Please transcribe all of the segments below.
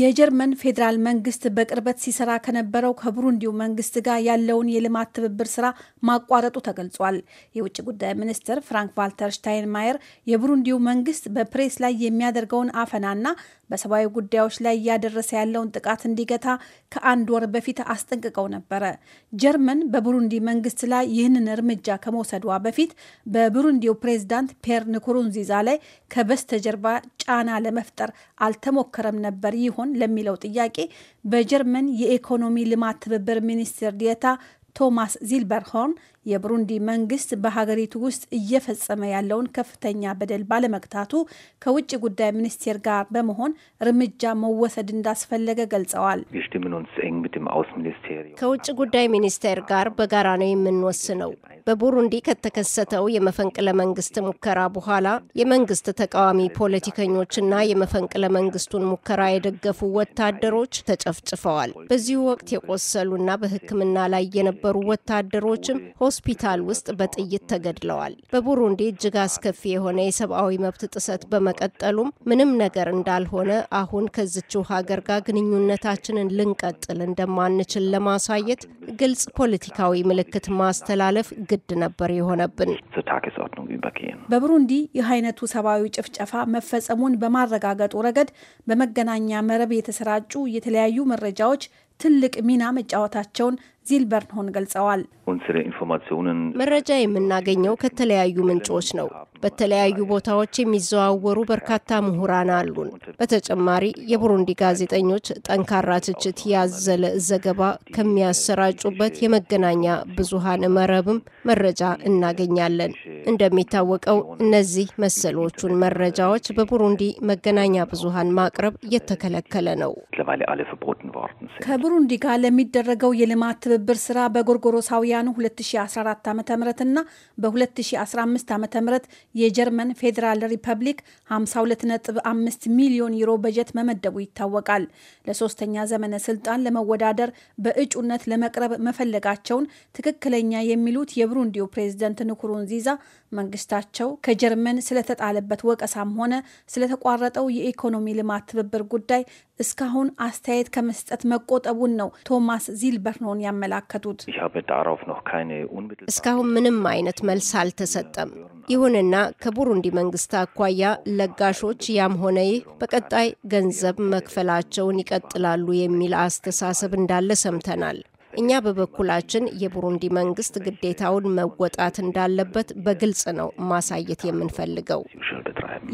የጀርመን ፌዴራል መንግስት በቅርበት ሲሰራ ከነበረው ከቡሩንዲው መንግስት ጋር ያለውን የልማት ትብብር ስራ ማቋረጡ ተገልጿል። የውጭ ጉዳይ ሚኒስትር ፍራንክ ቫልተር ሽታይንማየር የቡሩንዲው መንግስት በፕሬስ ላይ የሚያደርገውን አፈናና በሰብአዊ ጉዳዮች ላይ እያደረሰ ያለውን ጥቃት እንዲገታ ከአንድ ወር በፊት አስጠንቅቀው ነበረ። ጀርመን በቡሩንዲ መንግስት ላይ ይህንን እርምጃ ከመውሰዷ በፊት በቡሩንዲው ፕሬዝዳንት ፔር ንኩሩንዚዛ ላይ ከበስተጀርባ ጫና ለመፍጠር አልተሞከረም ነበር ይሆን ለሚለው ጥያቄ በጀርመን የኢኮኖሚ ልማት ትብብር ሚኒስትር ዴኤታ ቶማስ ዚልበርሆርን የብሩንዲ መንግስት በሀገሪቱ ውስጥ እየፈጸመ ያለውን ከፍተኛ በደል ባለመግታቱ ከውጭ ጉዳይ ሚኒስቴር ጋር በመሆን እርምጃ መወሰድ እንዳስፈለገ ገልጸዋል። ከውጭ ጉዳይ ሚኒስቴር ጋር በጋራ ነው የምንወስነው። በቡሩንዲ ከተከሰተው የመፈንቅለ መንግስት ሙከራ በኋላ የመንግስት ተቃዋሚ ፖለቲከኞችና የመፈንቅለ መንግስቱን ሙከራ የደገፉ ወታደሮች ተጨፍጭፈዋል። በዚሁ ወቅት የቆሰሉና በሕክምና ላይ የነበሩ ወታደሮችም ሆስፒታል ውስጥ በጥይት ተገድለዋል። በቡሩንዲ እጅግ አስከፊ የሆነ የሰብአዊ መብት ጥሰት በመቀጠሉም ምንም ነገር እንዳልሆነ አሁን ከዝችው ሀገር ጋር ግንኙነታችንን ልንቀጥል እንደማንችል ለማሳየት ግልጽ ፖለቲካዊ ምልክት ማስተላለፍ ግድ ነበር የሆነብን። በብሩንዲ ይህ አይነቱ ሰብአዊ ጭፍጨፋ መፈጸሙን በማረጋገጡ ረገድ በመገናኛ መረብ የተሰራጩ የተለያዩ መረጃዎች ትልቅ ሚና መጫወታቸውን ዚልበርንሆን ገልጸዋል። መረጃ የምናገኘው ከተለያዩ ምንጮች ነው። በተለያዩ ቦታዎች የሚዘዋወሩ በርካታ ምሁራን አሉን። በተጨማሪ የቡሩንዲ ጋዜጠኞች ጠንካራ ትችት ያዘለ ዘገባ ከሚያሰራጩበት የመገናኛ ብዙሃን መረብም መረጃ እናገኛለን። እንደሚታወቀው እነዚህ መሰሎቹን መረጃዎች በቡሩንዲ መገናኛ ብዙሃን ማቅረብ እየተከለከለ ነው። ከቡሩንዲ ጋር ለሚደረገው የልማት ትብብር ስራ በጎርጎሮሳውያኑ 2014 ዓ ም እና በ2015 ዓ ም የጀርመን ፌዴራል ሪፐብሊክ 52.5 ሚሊዮን ዩሮ በጀት መመደቡ ይታወቃል። ለሶስተኛ ዘመነ ስልጣን ለመወዳደር በእጩነት ለመቅረብ መፈለጋቸውን ትክክለኛ የሚሉት የብሩንዲው ፕሬዝደንት ንኩሩንዚዛ መንግስታቸው ከጀርመን ስለተጣለበት ወቀሳም ሆነ ስለተቋረጠው የኢኮኖሚ ልማት ትብብር ጉዳይ እስካሁን አስተያየት ከመስጠት መቆጠቡን ነው ቶማስ ዚልበርኖን ያመላከቱት። እስካሁን ምንም አይነት መልስ አልተሰጠም። ይሁንና ከቡሩንዲ መንግስት አኳያ ለጋሾች ያም ሆነ ይህ በቀጣይ ገንዘብ መክፈላቸውን ይቀጥላሉ የሚል አስተሳሰብ እንዳለ ሰምተናል። እኛ በበኩላችን የቡሩንዲ መንግስት ግዴታውን መወጣት እንዳለበት በግልጽ ነው ማሳየት የምንፈልገው።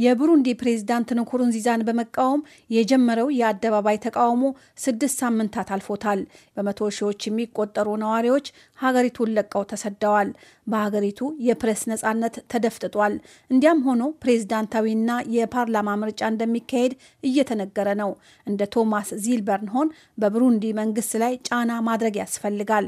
የቡሩንዲ ፕሬዝዳንት ንኩሩንዚዛን በመቃወም የጀመረው የአደባባይ ተቃውሞ ስድስት ሳምንታት አልፎታል። በመቶ ሺዎች የሚቆጠሩ ነዋሪዎች ሀገሪቱን ለቀው ተሰደዋል። በሀገሪቱ የፕሬስ ነጻነት ተደፍጥጧል። እንዲያም ሆኖ ፕሬዝዳንታዊና የፓርላማ ምርጫ እንደሚካሄድ እየተነገረ ነው። እንደ ቶማስ ዚልበርንሆን በቡሩንዲ መንግስት ላይ ጫና ማድረግ ያስ ያስፈልጋል።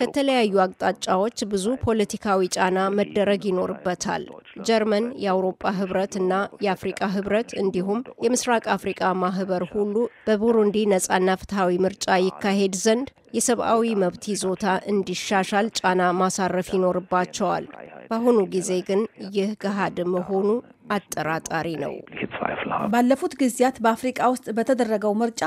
ከተለያዩ አቅጣጫዎች ብዙ ፖለቲካዊ ጫና መደረግ ይኖርበታል። ጀርመን የአውሮፓ ህብረት እና የአፍሪቃ ህብረት እንዲሁም የምስራቅ አፍሪቃ ማህበር ሁሉ በቡሩንዲ ነጻና ፍትሐዊ ምርጫ ይካሄድ ዘንድ የሰብአዊ መብት ይዞታ እንዲሻሻል ጫና ማሳረፍ ይኖርባቸዋል። በአሁኑ ጊዜ ግን ይህ ገሃድ መሆኑ አጠራጣሪ ነው። ባለፉት ጊዜያት በአፍሪቃ ውስጥ በተደረገው ምርጫ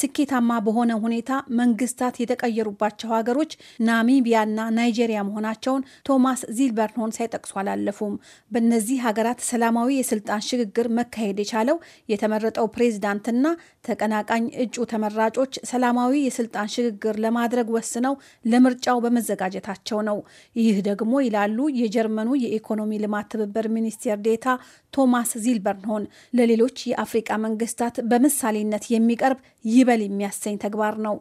ስኬታማ በሆነ ሁኔታ መንግስታት የተቀየሩባቸው ሀገሮች ናሚቢያና ናይጄሪያ መሆናቸውን ቶማስ ዚልበርንሆን ሳይጠቅሱ አላለፉም። በእነዚህ ሀገራት ሰላማዊ የስልጣን ሽግግር መካሄድ የቻለው የተመረጠው ፕሬዝዳንትና ተቀናቃኝ እጩ ተመራጮች ሰላማዊ የስልጣን ሽግግር ለማድረግ ወስነው ለምርጫው በመዘጋጀታቸው ነው። ይህ ደግሞ ይላሉ የጀርመኑ የኢኮኖሚ ልማት ትብብር ሚኒስቴር ዴታ ቶማስ ዚልበርንሆን ለሌሎች የአፍሪቃ መንግስታት በምሳሌነት የሚቀርብ ይበል የሚያሰኝ ተግባር ነው።